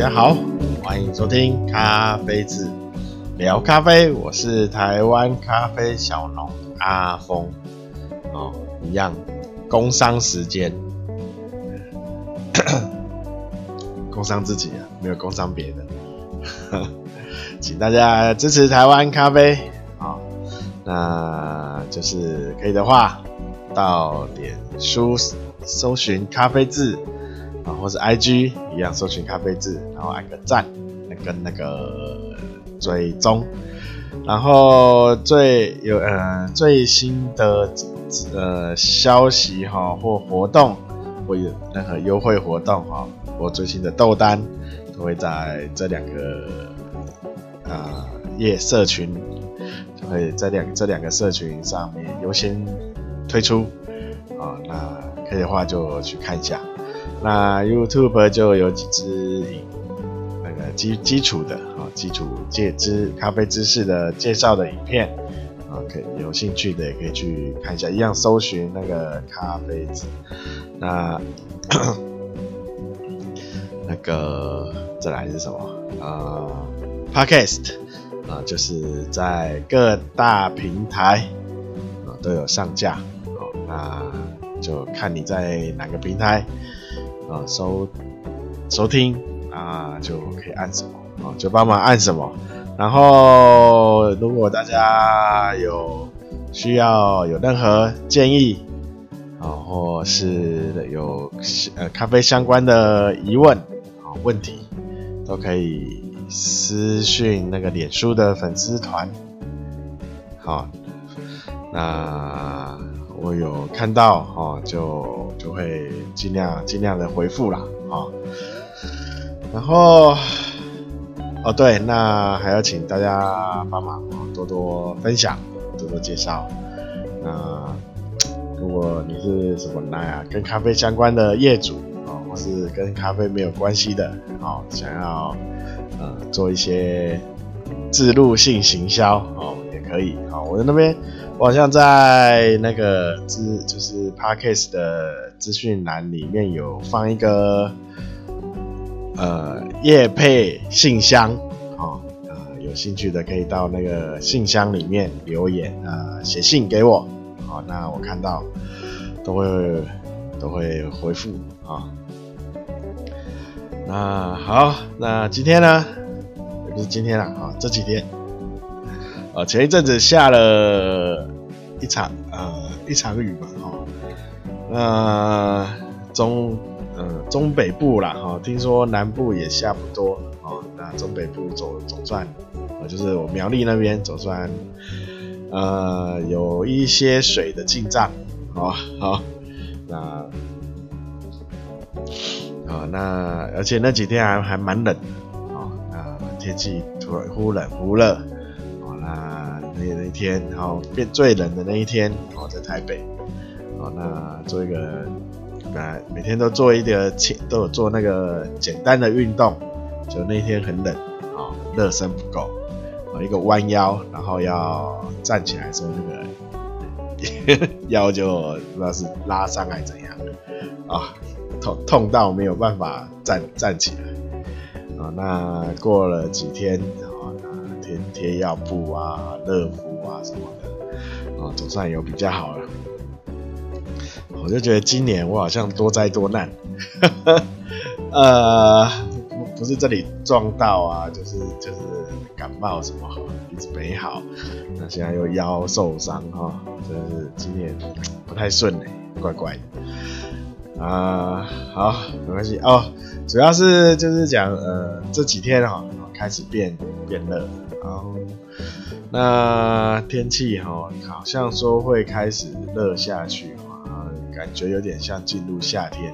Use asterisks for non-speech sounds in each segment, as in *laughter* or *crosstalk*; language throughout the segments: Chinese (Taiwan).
大家好，歡迎收聽咖啡字聊咖啡。我是台灣咖啡小農阿峰。哦，一樣，工商時間，咳咳工商自己啊，沒有工商別的呵呵。請大家支持台灣咖啡啊、哦，那就是可以的話，到臉書搜尋咖啡字。啊，或是 IG 一樣，搜尋咖啡志，然後按個讚，那跟那個追蹤，然後最有呃最新的呃消息哈、哦，或活動，或有任何優惠活動哈，我、哦、最新的豆單都會在這兩個啊業、呃、社群，就會這兩這兩個社群上面優先推出，啊，那可以的話就去看一下。那 YouTube 就有幾支那個基基礎的、哦、基礎介知，咖啡知識的介紹的影片、哦、可以有興趣的也可以去看一下，一樣搜尋那個咖啡知識那咳咳那個再來是什麼啊？呃、Podcast 啊、呃，就是在各大平台啊、呃、都有上架哦，那就看你在哪個平台，啊、嗯，收收聽啊，就可以按什麼啊，就幫忙按什麼。然後，如果大家有需要，有任何建議啊，或是有呃咖啡相關的疑問啊問題，都可以私訊那個臉書的粉絲團。好、啊，那。我有看到哦，就就會盡量盡量的回復啦，好、哦。然後，哦對，那還要請大家幫忙、哦、多多分享，多多介紹。那如果你是什麼來啊，跟咖啡相關的業主啊，或、哦、是跟咖啡沒有關係的，好、哦，想要呃做一些置入性行銷哦，也可以。好、哦，我在那邊。我好像在那個資就是 Podcast 的資訊欄裡面有放一個呃業配信箱啊、哦呃，有興趣的可以到那個信箱裡面留言啊，寫、呃、信給我，好、哦、那我看到都會都會回復啊、哦。那好，那今天呢也不是今天了啊、哦，這幾天。啊，前一陣子下了一場呃一場雨吧。哦，那、呃、中呃中北部啦，哈、哦，聽說南部也下不多，哦，那中北部走總算，啊、呃，就是我苗栗那邊總算，呃，有一些水的進賬，好、哦、好、哦，那啊、哦、那而且那幾天還還蠻冷，哦，那天氣突然忽冷忽熱。那一天，然後變最冷的那一天，哦，在台北，哦，那做一個，啊，每天都做一點都有做那個簡單的運動，就那天很冷，啊，熱身不夠，啊，一個彎腰，然後要站起來時候，那個，腰就不知道是拉傷還是怎樣，啊，痛痛到沒有辦法站站起來，啊，那過了幾天。貼藥布啊、熱敷啊什麼的，哦，總算也有比較好了。我就覺得今年我好像多災多難， *laughs* 呃，不不是這裡撞到啊，就是就是感冒什麼，一直沒好。那現在又腰受傷哈，真、哦就是今年不太順呢、欸，怪怪的。啊、呃，好，沒關係哦。主要是就是講，呃，這幾天哈、哦、開始變變熱。然後，那天氣哈，好像說會開始熱下去啊，感覺有點像進入夏天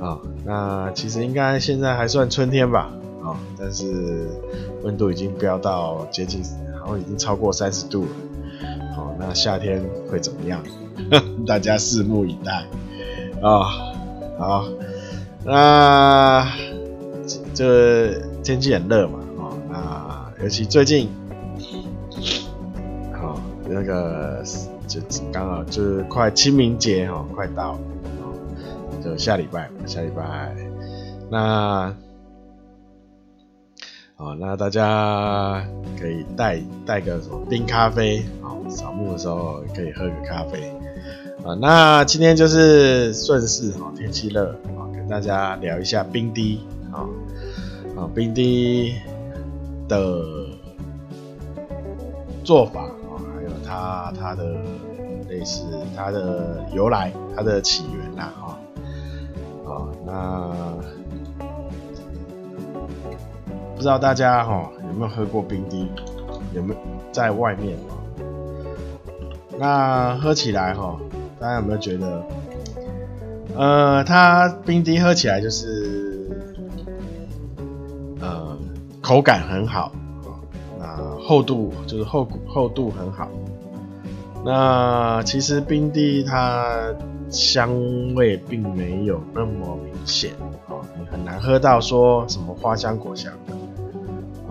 啊、哦。那其實應該現在還算春天吧啊、哦，但是溫度已經飆到接近，好像已經超過三十度了。好、哦，那夏天會怎麼樣？ *laughs* 大家拭目以待啊、哦！好，那這天氣很熱嘛。尤其最近，哦，那個就剛好就是快清明節哦，快到了哦，就下禮拜，吧，下禮拜那，哦，那大家可以帶帶個什麼冰咖啡哦，掃墓的時候可以喝個咖啡啊、哦。那今天就是順勢哦，天氣熱哦，跟大家聊一下冰滴啊啊、哦，冰滴。的做法啊，還有它它的類似它的由來，它的起源啦，哈，哦，那不知道大家哈有沒有喝過冰滴，有沒有在外面？那喝起來哈，大家有沒有覺得，呃，它冰滴喝起來就是口感很好啊，那厚度就是厚厚度很好。那其實冰滴它香味並沒有那麼明顯啊，你很難喝到說什麼花香果香的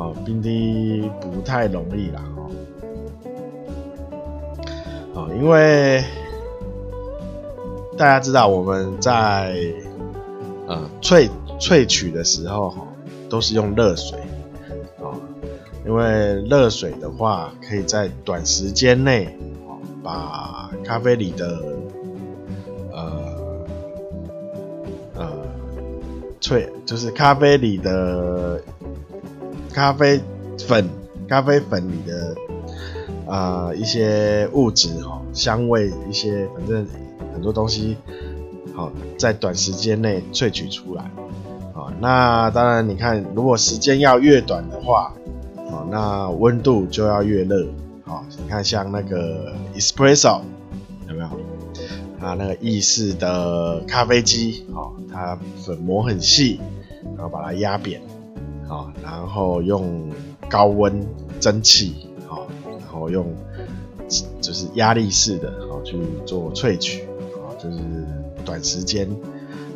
啊，冰滴不太容易了啊。因為大家知道我們在呃萃萃取的時候哈，都是用熱水。因為熱水的話，可以在短時間內，把咖啡裡的呃呃萃，就是咖啡裡的咖啡粉、咖啡粉裡的啊、呃、一些物質、哈香味一些，反正很多東西，好、呃、在短時間內萃取出來，啊、呃，那當然你看，如果時間要越短的話。好、哦、那溫度就要越熱。好、哦，你看像那個 Espresso 有沒有？那那個意式的咖啡機，好、哦，它粉磨很細，然後把它壓扁，好、哦，然後用高溫蒸汽，好、哦，然後用就是壓力式的，好、哦、去做萃取，啊、哦，就是短時間，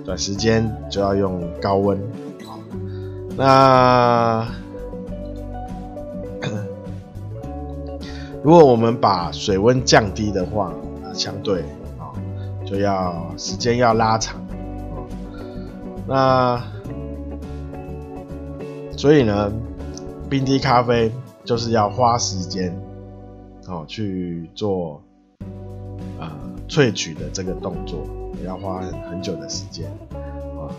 短時間就要用高溫。哦、那如果我們把水溫降低的話，呃、相對啊、哦、就要時間要拉長、哦、那所以呢，冰滴咖啡就是要花時間哦去做、呃、萃取的這個動作，要花很，很久的時間啊、哦。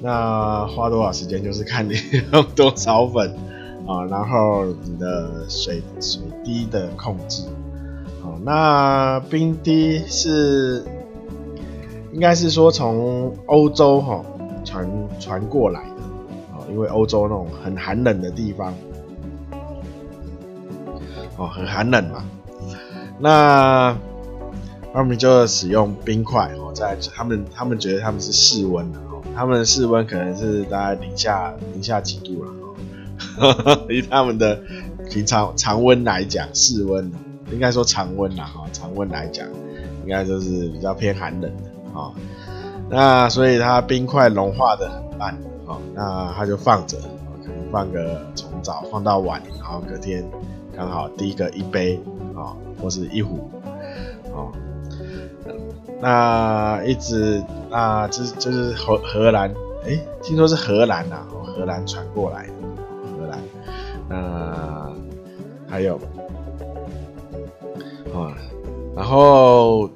那花多少時間就是看你用多少粉。啊，然後你的水水滴的控制，好，那冰滴是應該是說從歐洲哈傳傳過來的，哦，因為歐洲那種很寒冷的地方，哦，很寒冷嘛，那那我們就使用冰塊哦，在他們他們覺得他們是室溫的，哦，他們的室溫可能是大概零下零下幾度啦。 *laughs* 以他們的平常常溫來講，室溫應該說常溫啦，哈，常溫來講，應該就是比較偏寒冷的哈、哦，那所以它冰塊融化的很慢，哈、哦，那它就放着、哦，可能放個從早放到晚，然後隔天剛好第一個一杯，啊、哦，或是一壺，啊、哦，那一直，啊，這就是荷荷蘭，誒、欸，聽說是荷蘭啊，荷蘭傳過來的。那、呃、還有啊、哦，然後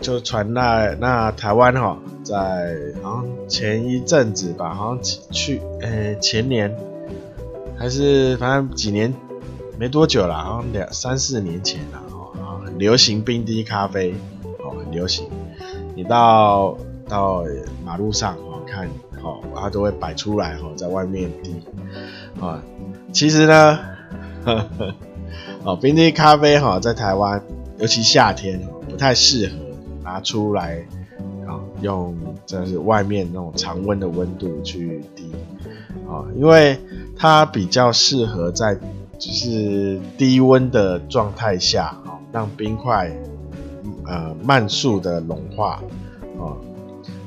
就傳那那台灣哈、哦，在好像前一陣子吧，好像去誒、欸、前年還是反正幾年沒多久了，好像兩三四年前了哦，然後流行冰滴咖啡哦，很流行，你到到馬路上哦看哦，它，都會擺出來哦，在外面滴啊。哦其實呢，呵呵，哦，冰滴咖啡哈，在台灣尤其夏天不太適合拿出來啊，用就是外面那種常溫的溫度去滴啊，因為它比較適合在就是低溫的狀態下啊，讓冰塊呃慢速的融化啊，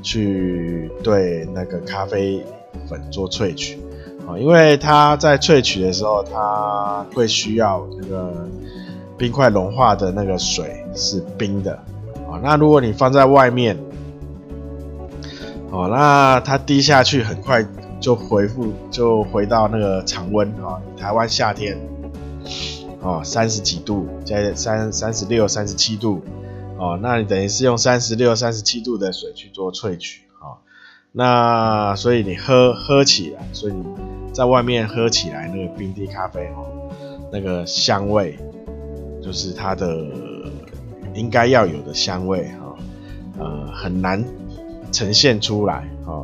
去對那個咖啡粉做萃取。因為它在萃取的時候，它會需要那個冰塊融化的那個水是冰的啊。那如果你放在外面，哦，那它滴下去很快就回復，就回到那個常溫啊。台灣夏天哦，三十幾度，在三三十六、三十七度哦。那你等於是用三十六、三十七度的水去做萃取。那所以你喝喝起來，所以你在外面喝起來那個冰滴咖啡哈，那個香味就是它的應該要有的香味哈，呃很難呈現出來啊，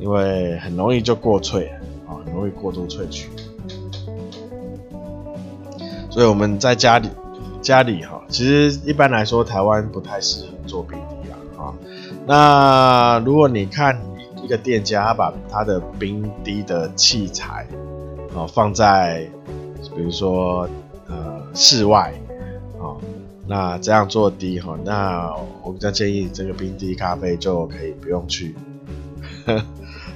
因為很容易就過萃啊，很容易過度萃取，所以我們在家裡家裡哈，其實一般來說台灣不太適合做冰滴啦啊，那如果你看。一個店家，他把他的冰滴的器材，哦，放在，比如說，呃，室外，哦，那這樣做滴，哈、哦，那我比較建議這個冰滴咖啡就可以不用去，呵呵，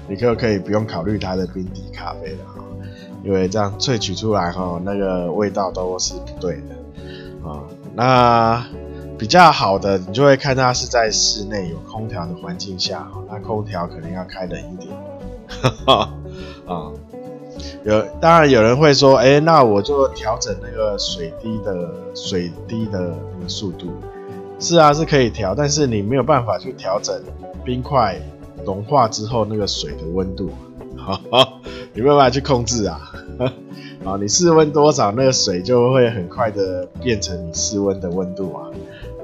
你可不可以不用考慮它的冰滴咖啡了，哈，因為這樣萃取出來，哈、哦，那個味道都是不對的，啊、哦，那。比較好的，你就會看它是在室內有空調的環境下，哈，那空調可能要開冷一點，哈哈，啊，有，當然有人會說，哎、欸，那我就調整那個水滴的水滴的那個速度，是啊，是可以調，但是你沒有辦法去調整冰塊融化之後那個水的溫度，哈哈，你沒辦法去控制啊，啊、 *laughs* 嗯，你室溫多少，那個水就會很快的變成你室溫的溫度啊。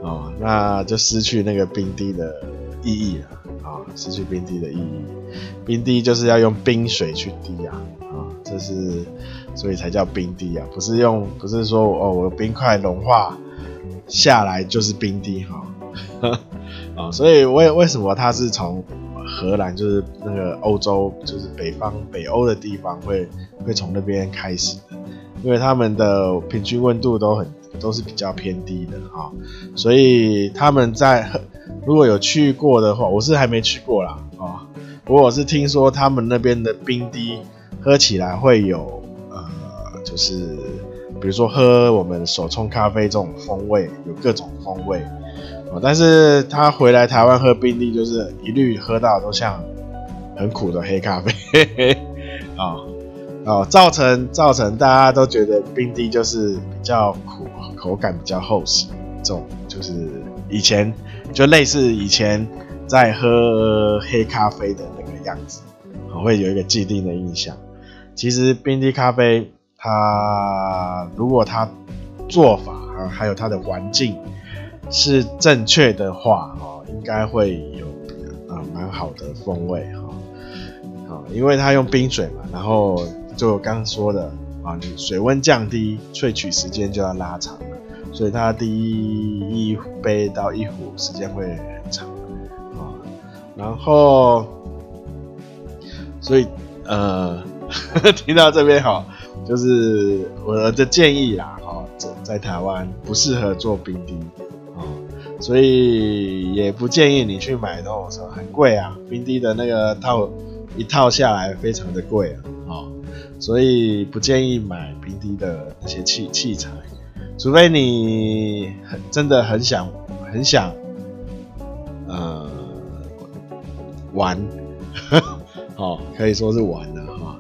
哦，那就失去那個冰滴的意義了啊、哦！失去冰滴的意義，冰滴就是要用冰水去滴啊！啊、哦，這是所以才叫冰滴啊！不是用，不是說哦，我冰塊融化下來就是冰滴哈！啊、哦 *laughs* 哦，所以為為什麼它是從荷蘭，就是那個歐洲，就是北方北歐的地方會會從那邊開始的？因為他們的平均溫度都很。都是比較偏低的啊、哦，所以他們在如果有去過的話，我是還沒去過啦。啊、哦。不過我是聽說他們那邊的冰滴喝起來會有呃，就是比如說喝我們手沖咖啡這種風味，有各種風味啊、哦。但是他回來台灣喝冰滴，就是一律喝到都像很苦的黑咖啡，嘿嘿啊。哦哦，造成造成大家都覺得冰滴就是比較苦，口感比較厚實，這種就是以前就類似以前在喝黑咖啡的那個樣子，哦，會有一個既定的印象。其實冰滴咖啡它，它如果它做法還有它的環境是正確的話，哦、應該會有啊蠻好的風味哈，哦，因為它用冰水嘛，然後。就我剛剛說的啊，你水溫降低，萃取時間就要拉長，所以它第一一杯到一壺時間會很長啊、哦。然後，所以呃呵呵，聽到這邊好、哦，就是我的建議啦、啊哦，在台灣不適合做冰滴啊、哦，所以也不建議你去買，我、哦、說很貴啊，冰滴的那個套一套下來非常的貴啊，哦所以不建議買冰滴的那些器器材，除非你很真的很想很想，呃，玩，好、哦、可以說是玩了哈、哦。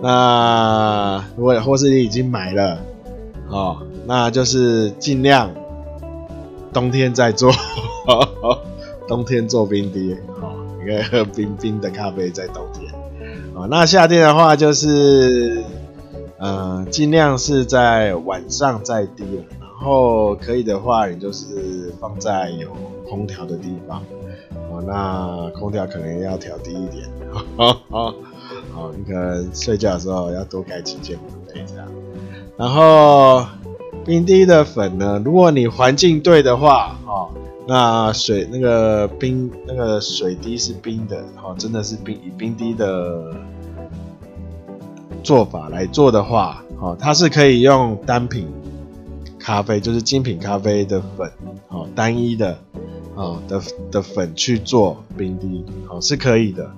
那如果或是你已經買了，哦，那就是盡量冬天再做，冬天做冰滴、哦、你可以喝冰冰的咖啡在冬天。那夏天的話，就是，呃，盡量是在晚上再滴了，然後可以的話，你就是放在有空調的地方，哦，那空調可能要調低一點，呵呵呵，好，你可能睡覺的時候要多蓋幾件被子啊。然後冰滴的粉呢，如果你環境對的話，哦，那水那個冰那個水滴是冰的，哦，真的是冰冰滴的。做法來做的話，哦，它是可以用單品咖啡，就是精品咖啡的粉，好、哦，單一的，啊、哦、的的粉去做冰滴，哦，是可以的，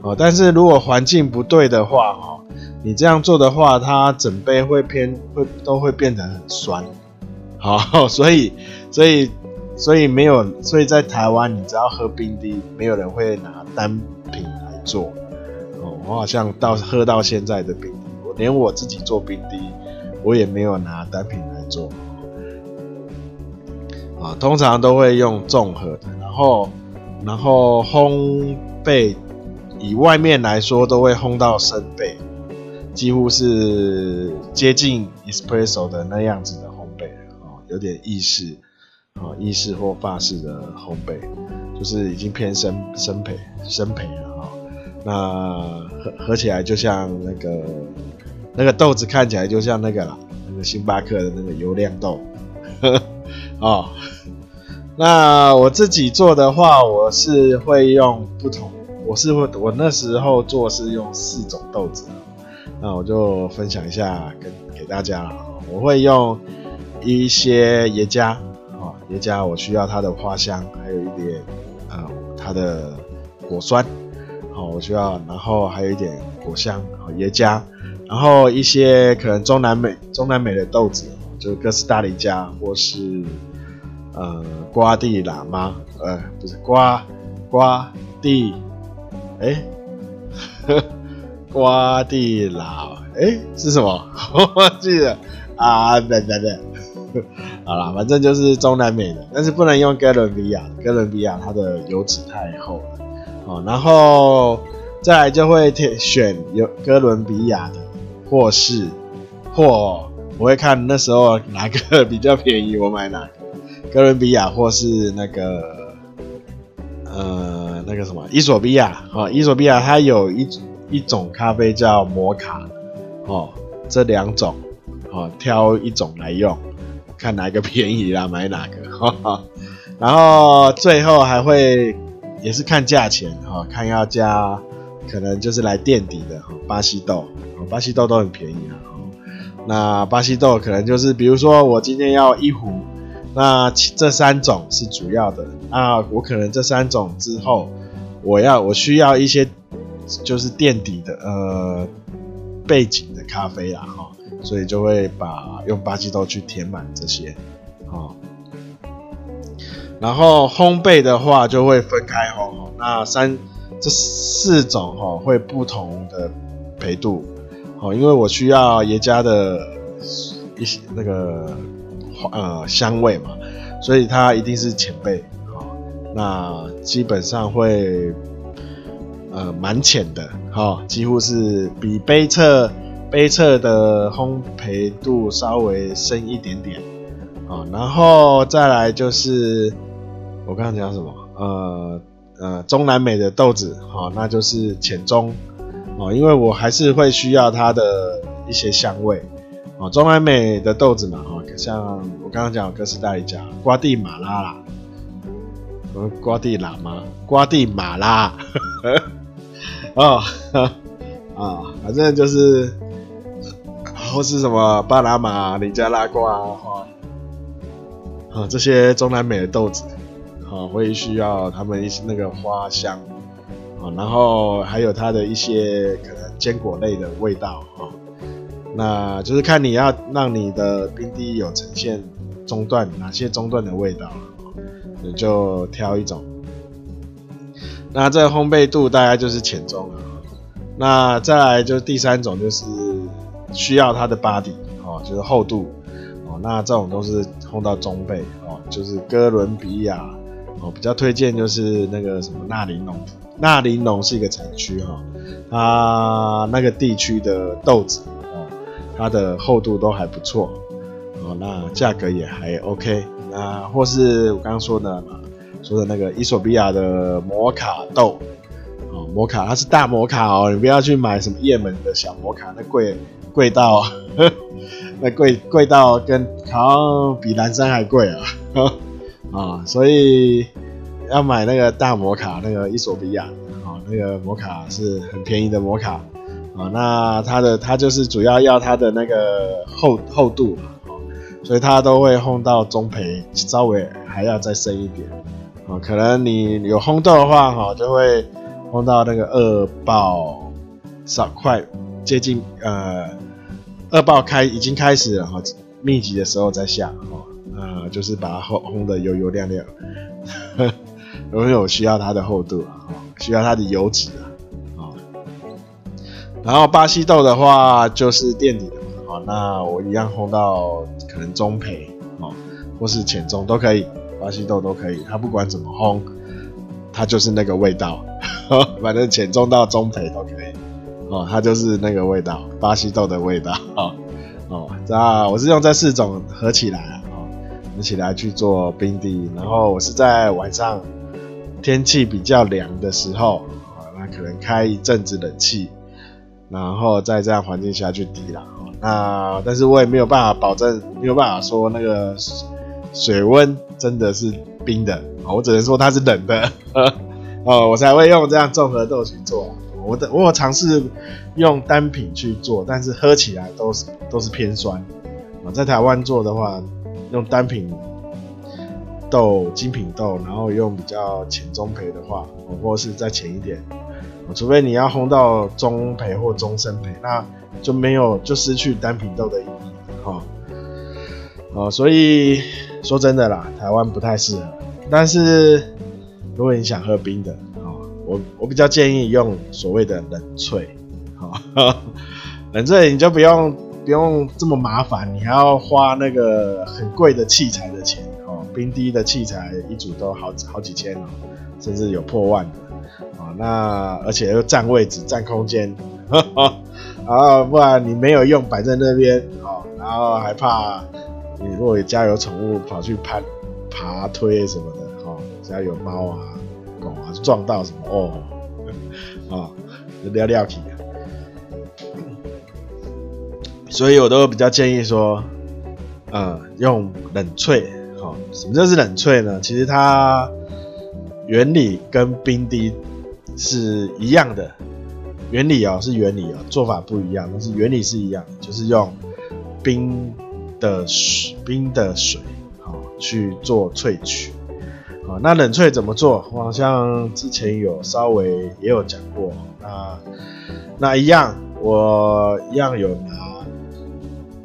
哦，但是如果環境不對的話，哈、哦，你這樣做的話，它整杯會偏會都會變得很酸，好、哦，所以所以所以沒有，所以在台灣，你只要喝冰滴，沒有人會拿單品來做。我好像到喝到現在的冰滴，我連我自己做冰滴，我也沒有拿單品來做，啊，通常都會用綜合的，然後，然後烘焙以外面來說，都會烘到深焙，幾乎是接近 espresso 的那樣子的烘焙，哦、啊，有點意式，啊，意式或法式的烘焙，就是已經偏深深焙，深焙，焙了。那喝喝，喝起來就像那個那個豆子看起來就像那個啦那個星巴克的那個油亮豆，啊、哦。那我自己做的話，我是會用不同，我是會我那時候做是用四種豆子，那我就分享一下跟給，給大家、哦，我會用一些耶加，啊、哦，耶加我需要它的花香，還有一點啊、哦、它的果酸。好、哦，我需要，然後還有一點果香，好椰漿，然後一些可能中南美中南美的豆子，就是哥斯達黎加或是呃瓜地喇嘛，呃不是瓜瓜地，哎，瓜地喇，哎是什麼？我忘記了，啊，對對對，好啦，反正就是中南美的，但是不能用哥倫比亞，哥倫比亞它的油脂太厚了。哦，然後再來就會選有哥倫比亞的，或是或我會看那時候哪個比較便宜，我買哪個。哥倫比亞或是那個呃那個什麼伊索比亞哦，伊索比亞它有一一種咖啡叫摩卡哦，這兩種哦挑一種來用，看哪個便宜啦買哪個。哦，然後最後還會。也是看價錢哈，看要加，可能就是來墊底的哈，巴西豆，巴西豆都很便宜啊。那巴西豆可能就是，比如說我今天要一壺，那這三種是主要的，那我可能這三種之後，我要我需要一些就是墊底的呃背景的咖啡啊哈，所以就會把用巴西豆去填滿這些。然後烘焙的話就會分開烘哦，那三這四種哈、哦、會不同的焙度哦，因為我需要疊加的一些那個呃香味嘛，所以它一定是淺焙哦。那基本上會呃蠻淺的哈、哦，幾乎是比杯測杯測的烘焙度稍微深一點點啊、哦，然後再來就是。我剛剛講什麼？呃呃，中南美的豆子，哈、哦，那就是淺棕，哦，因為我還是會需要它的一些香味，哦，中南美的豆子嘛，哈、哦，像我剛剛講，我哥斯達黎加、瓜地馬拉啦，什麼瓜地喇嘛，瓜地馬拉，哈，啊、哦哦，反正就是，或是什麼巴拿馬、尼加拉瓜，哈、哦，啊、哦，這些中南美的豆子。啊，會需要他們一些那個花香啊，然後還有它的一些可能堅果類的味道啊，那就是看你要讓你的冰滴有呈現中段，哪些中段的味道，你就挑一種。那這烘焙度大概就是淺中了。那再來就第三種就是需要它的 body 哦，就是厚度哦，那這種都是烘到中焙哦，就是哥倫比亞。我、哦、比較推薦就是那個什麼娜玲瓏，娜玲瓏是一個產區哈，啊那個地區的豆子哦，它的厚度都還不錯，哦那價格也還 OK，那或是我剛剛說的、啊、說的那個伊索比亞的摩卡豆，哦、摩卡它是大摩卡哦，你不要去買什麼葉門的小摩卡，那貴貴到呵呵那貴貴到跟好像比藍山還貴啊。呵呵啊，所以要買那個大摩卡，那個伊索比亞，啊，那個摩卡是很便宜的摩卡，啊，那它的它就是主要要它的那個厚厚度嘛，啊，所以它都會烘到中培，稍微還要再深一點，啊，可能你有烘豆的話，哈，啊，就會烘到那個二爆，稍，啊、快接近呃二爆開已經開始了，哈，啊，密集的時候再下，哈，啊。呃，就是把它烘烘得油油亮亮，呵呵，因為我需要它的厚度啊、哦，需要它的油脂啊，啊、哦。然後巴西豆的話就是墊底的嘛，啊、哦，那我一樣烘到可能中焙啊、哦，或是淺中都可以，巴西豆都可以，它不管怎麼烘，它就是那個味道呵呵，反正淺中到中焙都可以，哦，它就是那個味道，巴西豆的味道，啊、哦，哦，那我是用這四種合起來。我起來去做冰滴，然後我是在晚上天氣比較涼的時候啊，那可能開一陣子冷氣，然後在這樣環境下去滴了啊。那但是我也沒有辦法保證，沒有辦法說那個水溫真的是冰的啊，我只能說它是冷的哦、啊，我才會用這樣綜合豆去做。我的我有嘗試用單品去做，但是喝起來都是都是偏酸我、啊、在台灣做的話。用單品豆、精品豆，然後用比較淺中焙的話，或或是再淺一點，除非你要烘到中焙或中深焙，那就沒有，就失去單品豆的意義，哈、哦，哦，所以說真的啦，台灣不太適合，但是如果你想喝冰的，哦，我我比較建議用所謂的冷萃，哈、哦，冷萃你就不用。不用這麼麻煩，你還要花那個很貴的器材的錢哦。冰滴的器材一組都好好幾千哦，甚至有破萬的啊、哦。那而且又佔位置，佔空間，啊，然不然你沒有用擺在那邊哦，然後還怕你如果家有寵物跑去攀，爬，推什麼的哦，家有貓啊、狗啊撞到什麼哦，啊、哦，了了不起。所以，我都會比較建議說，呃，用冷萃，好、哦，什麼叫做冷萃呢？其實它原理跟冰滴是一樣的，原理啊、哦、是原理啊、哦，做法不一樣，但是原理是一樣，就是用冰的水，冰的水，好、哦、去做萃取，好、哦，那冷萃怎麼做？我好像之前有稍微也有講過，那那一樣，我一樣有拿。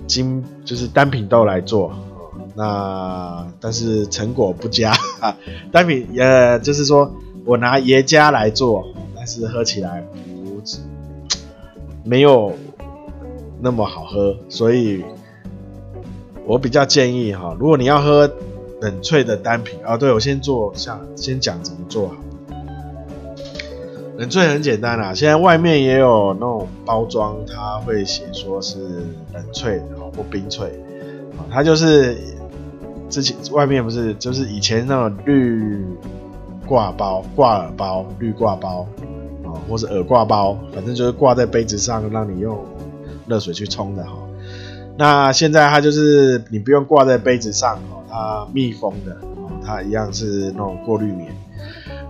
金就是單品豆來做，那但是成果不佳，單品也就是說我拿耶加來做，但是喝起來不沒有那麼好喝，所以我比較建議哈，如果你要喝冷萃的單品啊，對，對我先做下先講怎麼做。冷萃很簡單啦、啊，現在外面也有那種包裝，它會寫說是冷萃的。或冰萃，啊，它就是之前外面不是就是以前那種濾掛包、掛耳包、濾掛包啊，或是耳掛包，反正就是掛在杯子上，讓你用熱水去沖的哈。那現在它就是你不用掛在杯子上哦，它密封的哦，它一樣是那種過濾棉，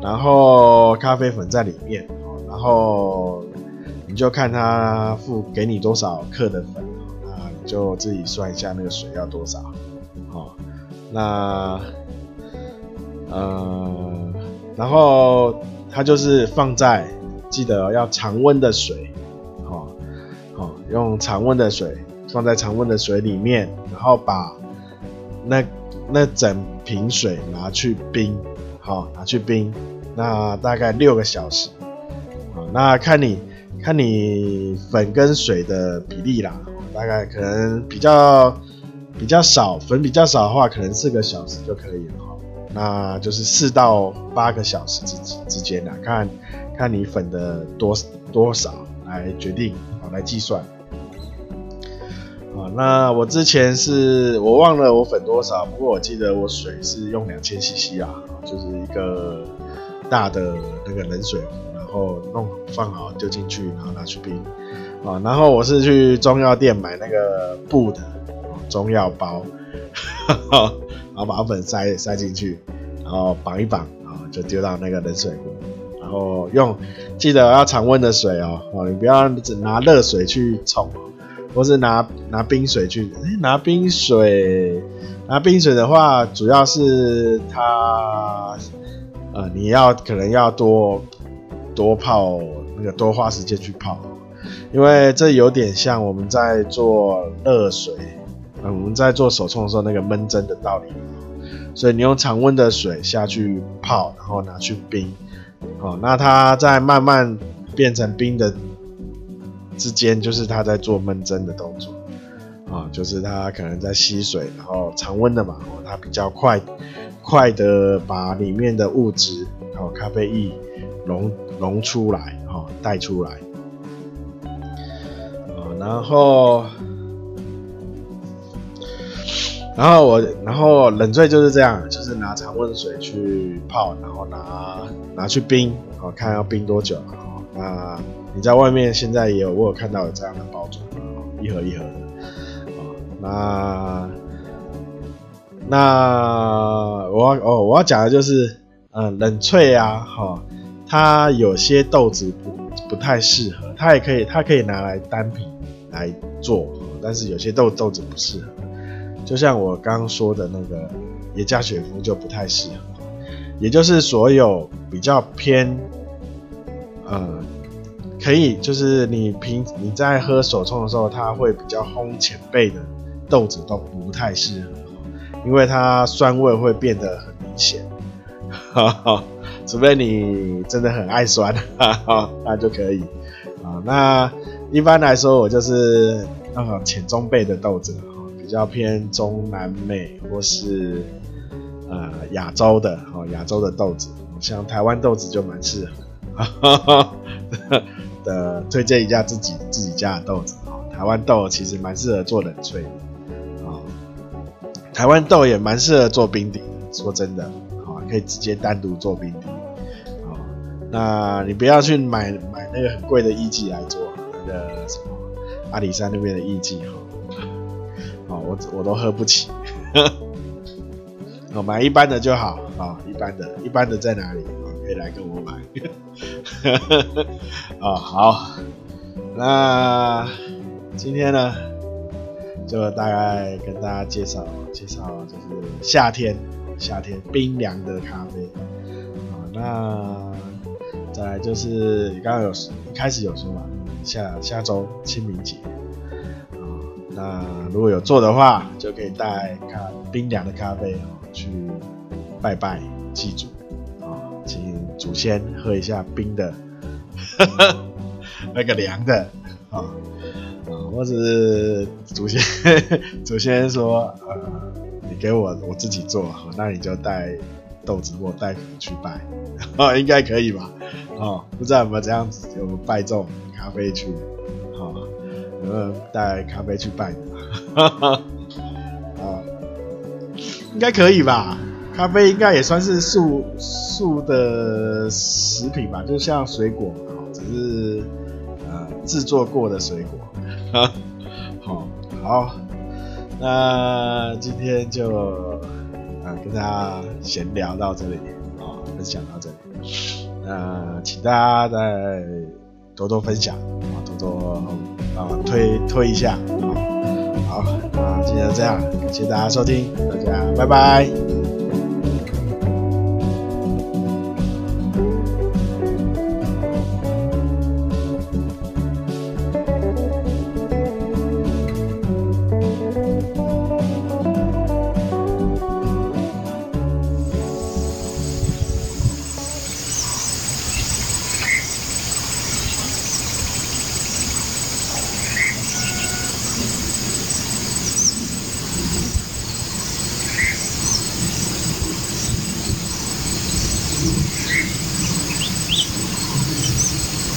然後咖啡粉在裡面哦，然後你就看它付給你多少克的粉，就自己算一下那個水要多少，好，那呃，然後它就是放在，記得要常溫的水，好，好，用常溫的水放在常溫的水裡面，然後把那那整瓶水拿去冰，好，拿去冰，那大概六個小時，好，那看你看你粉跟水的比例啦。大概可能比較比較少，粉比較少的話，可能四個小時就可以了。那就是四到八個小時之之間，看看你粉的多多少來決定啊，來計算。好，那我之前是我忘了我粉多少，不過我記得我水是用兩千 CC 啊，就是一個大的那個冷水壺，然後弄放好丟進去，然後拿去冰。啊，然後我是去中藥店買那個布的中藥包，然後把粉塞塞進去，然後綁一綁啊，就丟到那個冷水壺，然後用記得要常溫的水哦，哦你不要只拿熱水去沖，或是拿拿冰水去誒，拿冰水，拿冰水的話，主要是它呃你要可能要多多泡那個多花時間去泡。因為這有點像我們在做熱水，嗯，我們在做手沖的時候那個悶蒸的道理，所以你用常溫的水下去泡，然後拿去冰，哦，那它在慢慢變成冰的之間，就是它在做悶蒸的動作，啊、哦，就是它可能在吸水，然後常溫的嘛，哦，它比較快，快的把裡面的物質，哦，咖啡液融融出來，哈、哦，帶出來。然後，然後我，然後冷萃就是這樣，就是拿常溫水去泡，然後拿拿去冰，哦，看要冰多久。然後，那你在外面現在也有，我有看到有這樣的包裝，一盒一盒的。那那我要哦，我要講的就是，嗯，冷萃啊，哈、哦，它有些豆子不不太適合，它也可以，它可以拿來單品。來做，但是有些豆豆子不適合，就像我剛剛說的那個耶加雪菲就不太適合，也就是所有比較偏，呃，可以就是你平你在喝手沖的時候，它會比較烘淺焙的豆子都不太適合，因為它酸味會變得很明顯，呵呵，除非你真的很愛酸，呵呵，那就可以啊，那。一般來說，我就是那個淺中焙的豆子哈，比較偏中南美或是呃亞洲的哈，亞洲的豆子，像台灣豆子就蠻適合的，推薦一下自己自己家的豆子哈，台灣豆其實蠻適合做冷萃，啊，台灣豆也蠻適合做冰滴，說真的，啊，可以直接單獨做冰滴，啊，那你不要去買買那個很貴的藝伎來做。的什麼阿里山那邊的藝妓哈，哦，我我都喝不起，我、哦、買一般的就好，哦，一般的，一般的在哪裡？哦、可以來跟我買，啊、哦，好，那今天呢，就大概跟大家介紹介紹，就是夏天夏天冰涼的咖啡，哦、那再來就是你剛剛有一開始有說嘛。下下週清明節啊、哦，那如果有做的話，就可以帶咖，冰涼的咖啡哦，去拜拜祭祖啊，請祖先喝一下冰的，嗯、那個涼的啊啊、哦，或者是祖先祖先說啊、呃，你給我我自己做，那你就帶豆子或帶你去拜，啊、哦，應該可以吧。哦，不知道有沒有這樣子就拜眾咖啡去，好有沒有帶咖、哦、咖啡去拜的？啊、 *laughs* 呃，應該可以吧？咖啡應該也算是素素的食品吧，就像水果、哦、只是、呃、製作過的水果。好、 *laughs* 哦，好，那今天就、呃、跟大家閒聊到這裡，啊、哦，分享到這裡。呃，請大家再多多分享啊，多多幫我推推一下啊。好，那今天就這樣，感謝大家收聽，大家拜拜。